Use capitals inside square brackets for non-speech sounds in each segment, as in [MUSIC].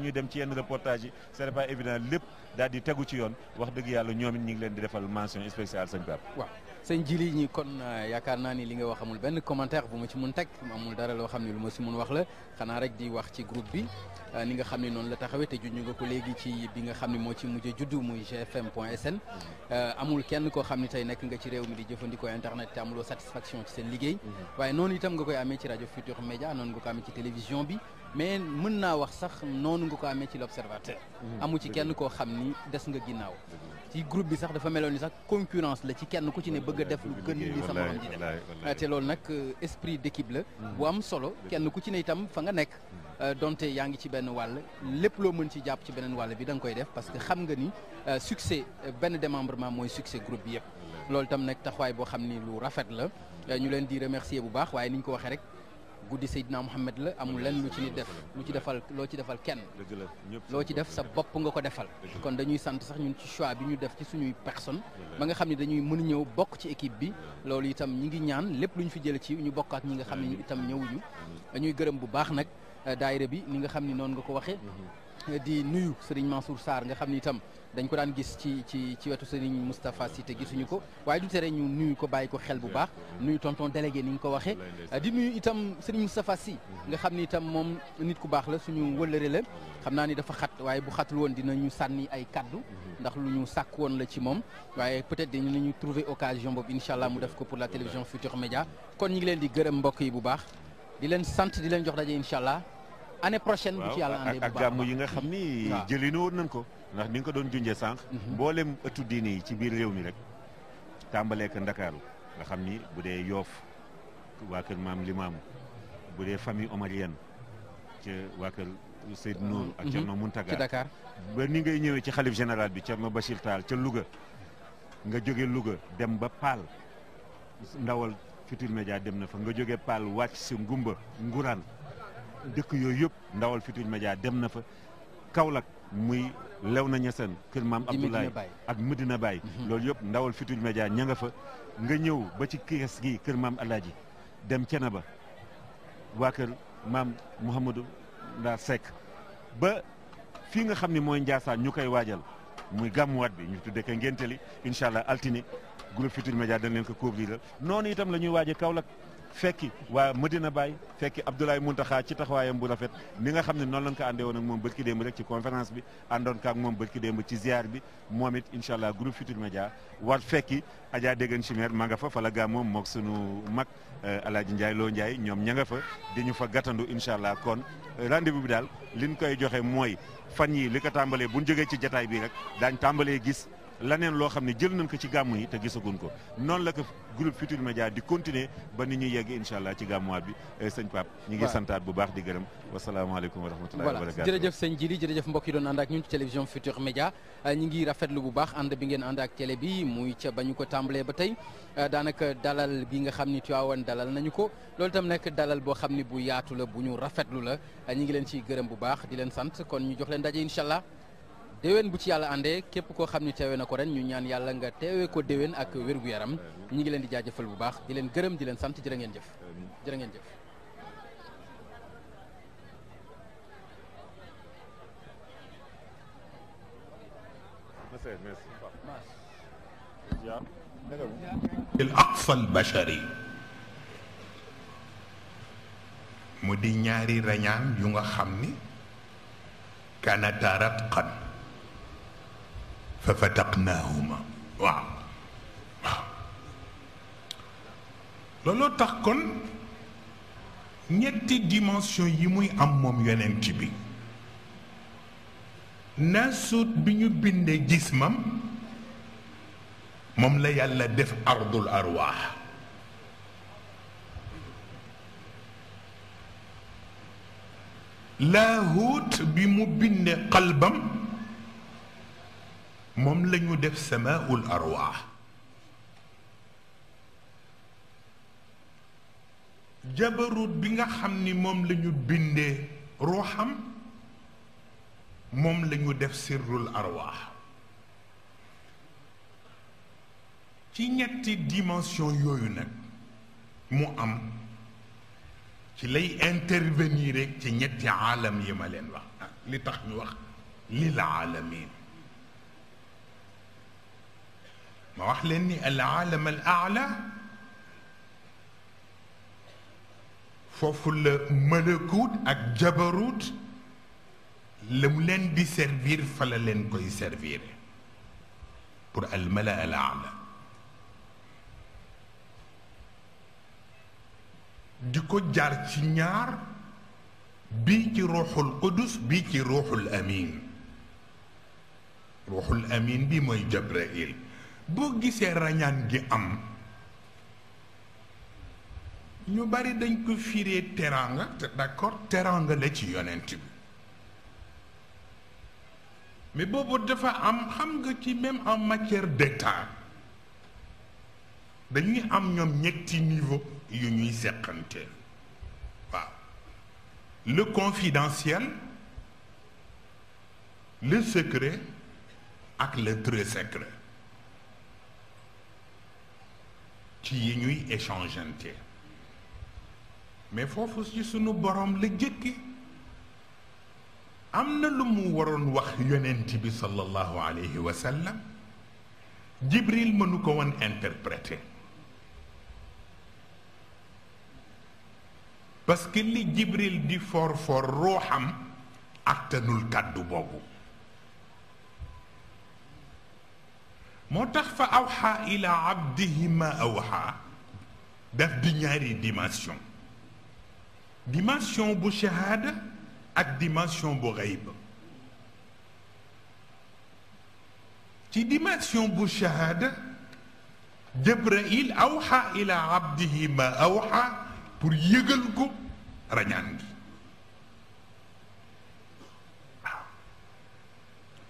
te dem ci yenn reportage yi c'est pas évident lépp daal di tegu ci yoon wax dëgg yàlla ñoom it ñu ngi leen di defal mention spéciale sëñ Pape. waaw sëñ Jili ñi kon euh, yaakaar naa ni li nga wax amul benn commentaire bu ma ci mun teg amul dara loo xam ne lu ma si mun wax la xanaa rek di wax ci groupe bi euh, ni nga xam ne noonu la taxawee te junj nga ko léegi ci bi nga xam ne moo ci mujj a judd muy gfm.sn euh, amul kenn koo xam ne tey nekk nga ci réew mi di jëfandikoo internet te amuloo satisfaction ci seen liggéey mhm. waaye noonu itam nga koy amee ci rajo Futur Media noonu nga ko amee ci télévision bi mais mën naa wax sax noonu nga ko amee ci l'observateur mm-hmm. amu ci kenn koo xam ni des nga ginnaaw mm-hmm. ci groupe bi sax dafa meloon ni sax concurrence la ci kenn ku ci ne bëgg a def lu gën li sama morom di def te loolu nag euh, esprit d'équipe la mm-hmm. bu am solo kenn ku ci ne itam fa nga nekk euh, donte yaa ngi ci benn wàll lépp loo mën ci jàpp ci beneen wàll bi da nga koy def parce que xam nga ni euh, succès benn démembrement mooy succès groupe bi yëpp loolu tam nag taxawaay boo xam ni lu rafet la ñu leen di remercier bu baax waaye ni ñu ko waxee rek guddi Seydina Mouhamed la amul lenn lu ci ni def lu ci defal loo ci defal kenn loo ci def sa bopp nga ko defal kon dañuy sant sax ñun ci choix bi ñu def ci suñuy personne ba nga xam ne dañuy mën a ñëw bokk ci équipe bi loolu itam ñi ngi ñaan lépp lu ñu fi jële ci ñu bokkaat ñi nga xam ne itam ñëwuñu ñuy gërëm bu baax nag euh, daayira bi ni nga xam ni noonu nga ko waxee mhm. di nuyu Serigne Mansour sar nga xamni ni itam dañ ko daan gis ci ci ci wetu Serigne Moustapha Cissé gisuñu ko waye du tere ñu nuyu ko bayiko xel bu baax nuyu tonton délégué ni nga ko waxé di nuyu itam Serigne mustapha si nga xamni ni itam moom nit ku baax la suñu wëllëre la xam ni dafa xat waye bu xatul woon dinañu sanni ay cadeau mhm. ndax lu ñu sàkk woon la ci mom waye peut-être dinañu trouver occasion bob inshallah mu def ko pour la télévision Futur Média kon ñi ngi leen di gërëm mbokk yi bu baax di leen sant di leen jox dajé inshallah année prochaine bu ak gàmm yi nga xam ni. waaw jëlinu woon nañ ko. ndax ni ko doon junjee sànq. Mhm. mboolem ëttu diine yi ci biir réew mi rek. tàmbalee ko Ndakaaru nga xam ni bu dee Yoof waa kër maam Limaamu bu dee famille omarienne ca waa kër Seydou ak mhm. Thierno Mountaga ci Dakar ba ni ngay ñëwee ci xalif général bi Thierno Bachir Tall ca Louga nga jóge Louga dem ba Paal ndawal Futurs Médias dem na fa nga jóge Paal wàcc si Ngumba Nguraan dëkk yooyu yëpp ndawal Futurs Médias dem na fa Kaolack muy lew Léona Niassène kër maam Abdoulaye ak Medina Baye mhm. loolu yëpp ndawal Futurs Médias ña nga fa nga ñëw ba ci kees gi kër maam Alaaji dem cena ba waa kër maam Mouhamadou Ndaa Seck ba fii nga xam ni mooy Ndiassane ñu koy waajal muy gàmmuwaat bi ñu tuddee ko ngénteli incha allah altine groupe Futurs Médias dañ leen ko couvrir noonu itam la waaje Kaolack fekki waa Medina Baye fekki Abdoulaye Mountakha ci taxawaayam bu rafet ni nga xam ne noonu lañ ko àndee woon ak moom bërki démb rek ci conférence bi àndoon kaak moom bërki démb ci ziar bi moom it incha allah groupe Futur Média war fekki Adja Déggan Chimère ma nga fa fa la gaa moom mook sunu mag euh, Alaaji Ndiaye Loo njaay ñoom ña nga fa di ñu fa gàttandu incha allah kon euh, rendez-vous bi daal li liñ koy joxe mooy fan yi li ko tàmbalee buñ jógee ci jataay bi rek laneen loo xam ne jël nañ ko ci gàmm yi te gisaguñ ko noonu la ko groupe Futurs Médias di continuer ba ni ñu yegg incha allah ci gàmmuwaat bi eh, sëñ Pape ñu ngi santaat bu baax di gërëm wasalaamaaleykum wa rahmatullahi wa barakatu voilà jërëjëf sëñ Jili jërëjëf mbokk yi doon ànd ak ñun ci télévision Futurs Médias eh, ñi ngi rafetlu bu baax ànd bi ngeen ànd ak télé bi muy ca ba ñu ko tàmbalee ba tey eh, daanaka dalal bi nga xam ni Tiwaawan dalal nañu ko loolu tam nekk dalal boo xam ni bu yaatu la bu ñu rafetlu la ñi ngi leen ciy gërëm bu baax di leen sant kon ñu jox leen daje incha allah dewen bu ci yalla àndee képp ko xamni ni na ko ren ñu ñaan yalla nga teewee ko dewen ak wér gu yaram ñi ngi leen di jaajeufal bu baax di leen gëreem di leen sant jërë ngeen jëf jërë ngeen jëf الأقصى البشري ñaari rañaan yu nga xamni kanata ratqan ففتقناهما لولو تاكون نيتي ديمونسيون يي موي ام موم يوننتي بي ناسوت بي ني بيند جسمم موم لا يالا ديف ارض الارواح لاهوت بي مو بيند قلبم موم لا نيو ديف سماء الارواح جبروت بيغا خامني موم لا نيو بيندي روحام موم لا نيو ديف سر الارواح تي نياتي ديمونسيون يويو نك مو ام تي لاي انترفينيري تي نياتي عالم يمالين وا لي تخ ني وخ للعالمين ما راح لاني العالم الاعلى فوف الملكوت الجبروت لملان بي سيرفير فلا لين كوي سيرفير بور الملا الاعلى ديكو جار سي نيار بي كي روح القدس بي كي روح الامين روح الامين بي موي جبرائيل boo gisee rañaan gi am ñu bari dañ ko firee teraanga te d'accord teraanga la ci yonent Mais mais boobu dafa am xam nga ci même en matière d'état dañuy am ñoom ñetti niveau yu ñuy seqante waaw le confidentiel le secret ak le très secret ci ñuy échangeante mais foofu ci sunu borom la jëkke am na lu mu waroon wax yonent bi sallallahu alayhi wa sallam jibril mënu ko woon interpréter parce que li jibril di for for ruuxam attanul kàddu boobu moo tax fa awxa ila abdihi ma awxa daf di ñaari dimension dimension bu shahada ak dimension bu xayb ci dimension bu shahada jibrail awxa ila abdihi ma awxa pour yëgal ko rañaan gi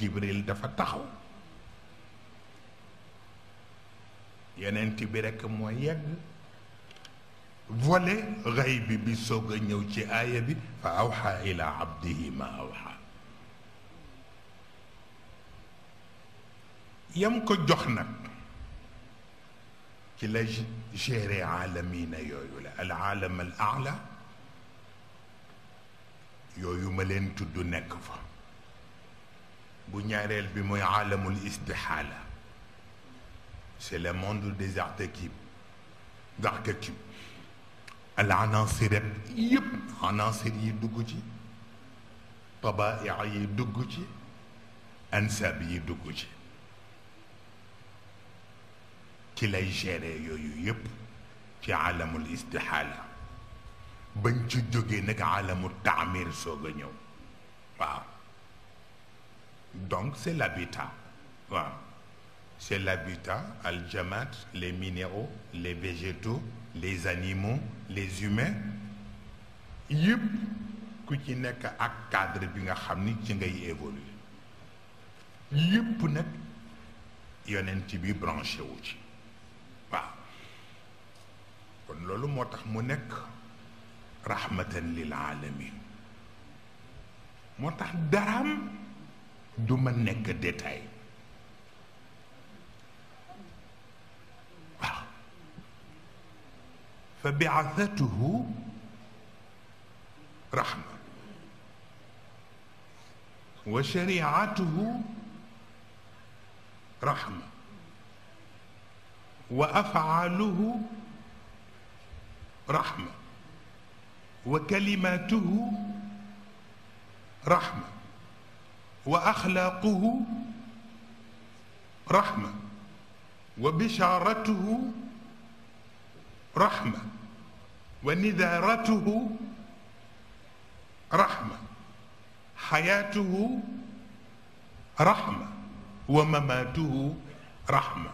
جبريل دفا تاخو يننت بي رك مو يغ فولي غيب بي سوغ نيو تي آيه بي فاوحى الى عبده ما اوحى يم كو جوخ نك كي لا جيري عالمين يويو العالم الاعلى يويو ملين تدو نك بنيارل بمي عالم الاستحالة سي لي موند دي زارتيكيب زارتيكيب العناصر يب عناصر يدوكوتي طبائع يدوكوتي انساب يدوكوتي كي لاي جيري يويو يب في عالم الاستحالة بنتي جوجي نك عالم التعمير سوغنيو واو Donc c'est l'habitat. C'est l'habitat, al les minéraux, les végétaux, les animaux, les humains. Yup, qui n'est qu'à ak cadre bi nga ci ngay évoluer branché wu ci que kon rahmatan lil alamin du ma nekk détail waaw fa biathatuhu rahma wa shariatuhu rahma wa afaaluhu rahma wa kalimatuhu rahma وأخلاقه رحمة وبشارته رحمة ونذارته رحمة حياته رحمة ومماته رحمة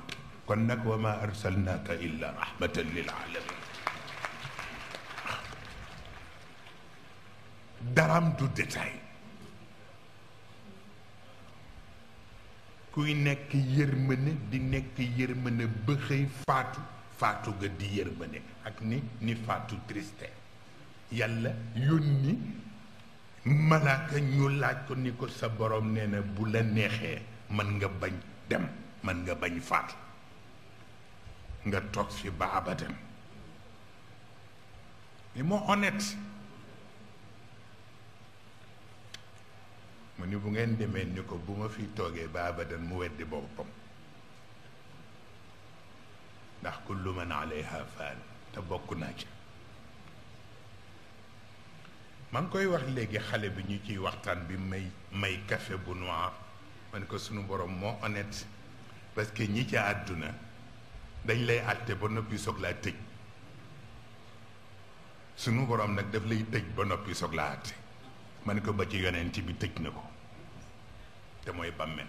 كنك وما أرسلناك إلا رحمة للعالمين درام دو ديتاي kuy nekk yërmande di nekk yërmande ba xëy faatu faatu ga di yërmande ak ni ni faatu triste yàlla yónni malaaka ñu laaj ko ni ko sa borom nee na bu la neexee mën nga bañ dem mën nga bañ faatu nga toog fi ba abadan mais moo honnête mu ni bu ngeen demee ni ko bu ma fi toogee ba abadan mu weddi boppam ndax kullu man alayha faan te bokk naa ci maa ngi koy wax léegi xale bi ñu ciy waxtaan bi may may café bu noir man ko sunu borom moo honnête parce que ñi ca àdduna dañ lay àtte ba noppi soog laa tëj sunu borom nag daf lay tëj ba noppi soog laa àtte ma ne ko ba ci yonent bi tëj na ko te mooy bàmmeel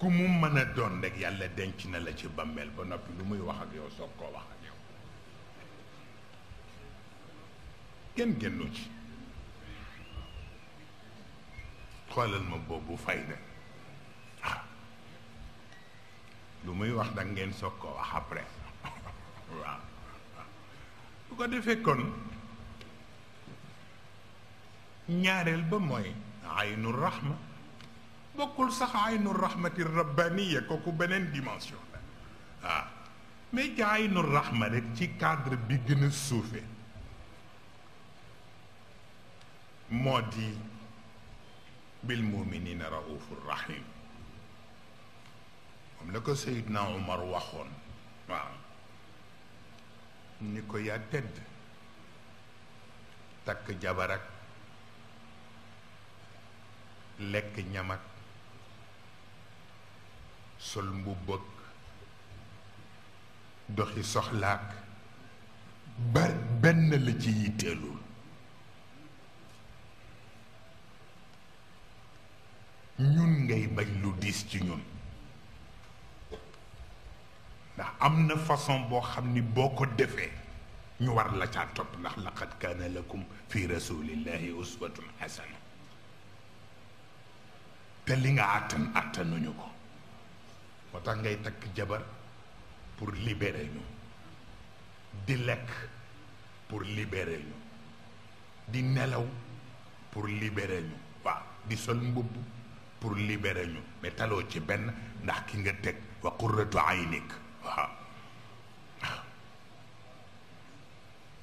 ku mu mën a doon rek yàlla denc na la ci bàmmeel ba noppi lu muy wax ak yow soog koo wax ak yow kenn génnu ci xoolal ma boobu fayda ah. lu muy wax dangeen soog koo wax après [LAUGHS] waaw bu ko defee kon ñaarel ba mooy aynu rahma bokkul sax aynu rahmati rabbaniya kooku beneen dimension la ah mais ci aynu rahma rek ci cadre bi gën a suufe moo di bil muminina raufur rahim moom la ko Seydina Omar waxoon waaw ni ko yaa tedd takk jabarak lek ñamag sol mbubbëg doxi soxlaak bar ben la ci yitteelul ñun ngay bañ lu dis ci ñun ndax am na façon boo xam ni boo ko defee ñu war la caa topp ndax laqad kaana lakum fi rasulillahi uswatun hasana te li nga àttan àttanuñu ko moo tax ngay takk jabar pour libérer di lekk pour libérer di nelaw pour libérer ñu waaw di sol mbubb pour libérer ñu mais taloo ci benn ndax ki nga teg wa qurratu aynik waaw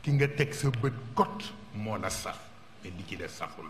ki nga teg sa bët kot moo la saf mais li ci de saful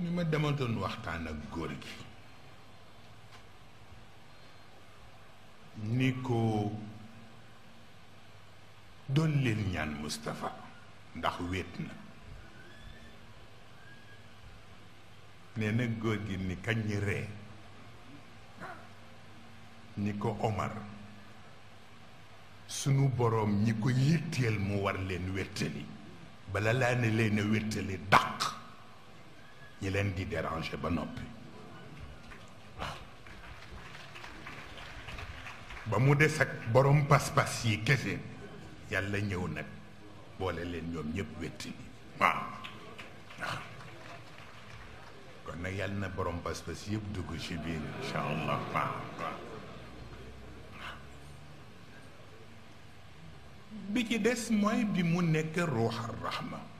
ni ma dama doon waxtaan ak góor gi ni ko doon leen ñaan Moustapha ndax wéet na nee na góor gi ni kañ ree ni ko Omar sunu boroom ñi ko yitteel mu war leen wéttali bala laa ne leen a wéttali ñi leen di déranger ba noppi ba mu des ak borom pas-pas yi kese yàlla ñëw nag boole leen ñoom ñëpp wetti waaw waaw kon nag yàlla na borom pas-pas yëpp dugg ci biir incha allah waaw waaw bi ci des mooy bi mu nekk ruuxal rahma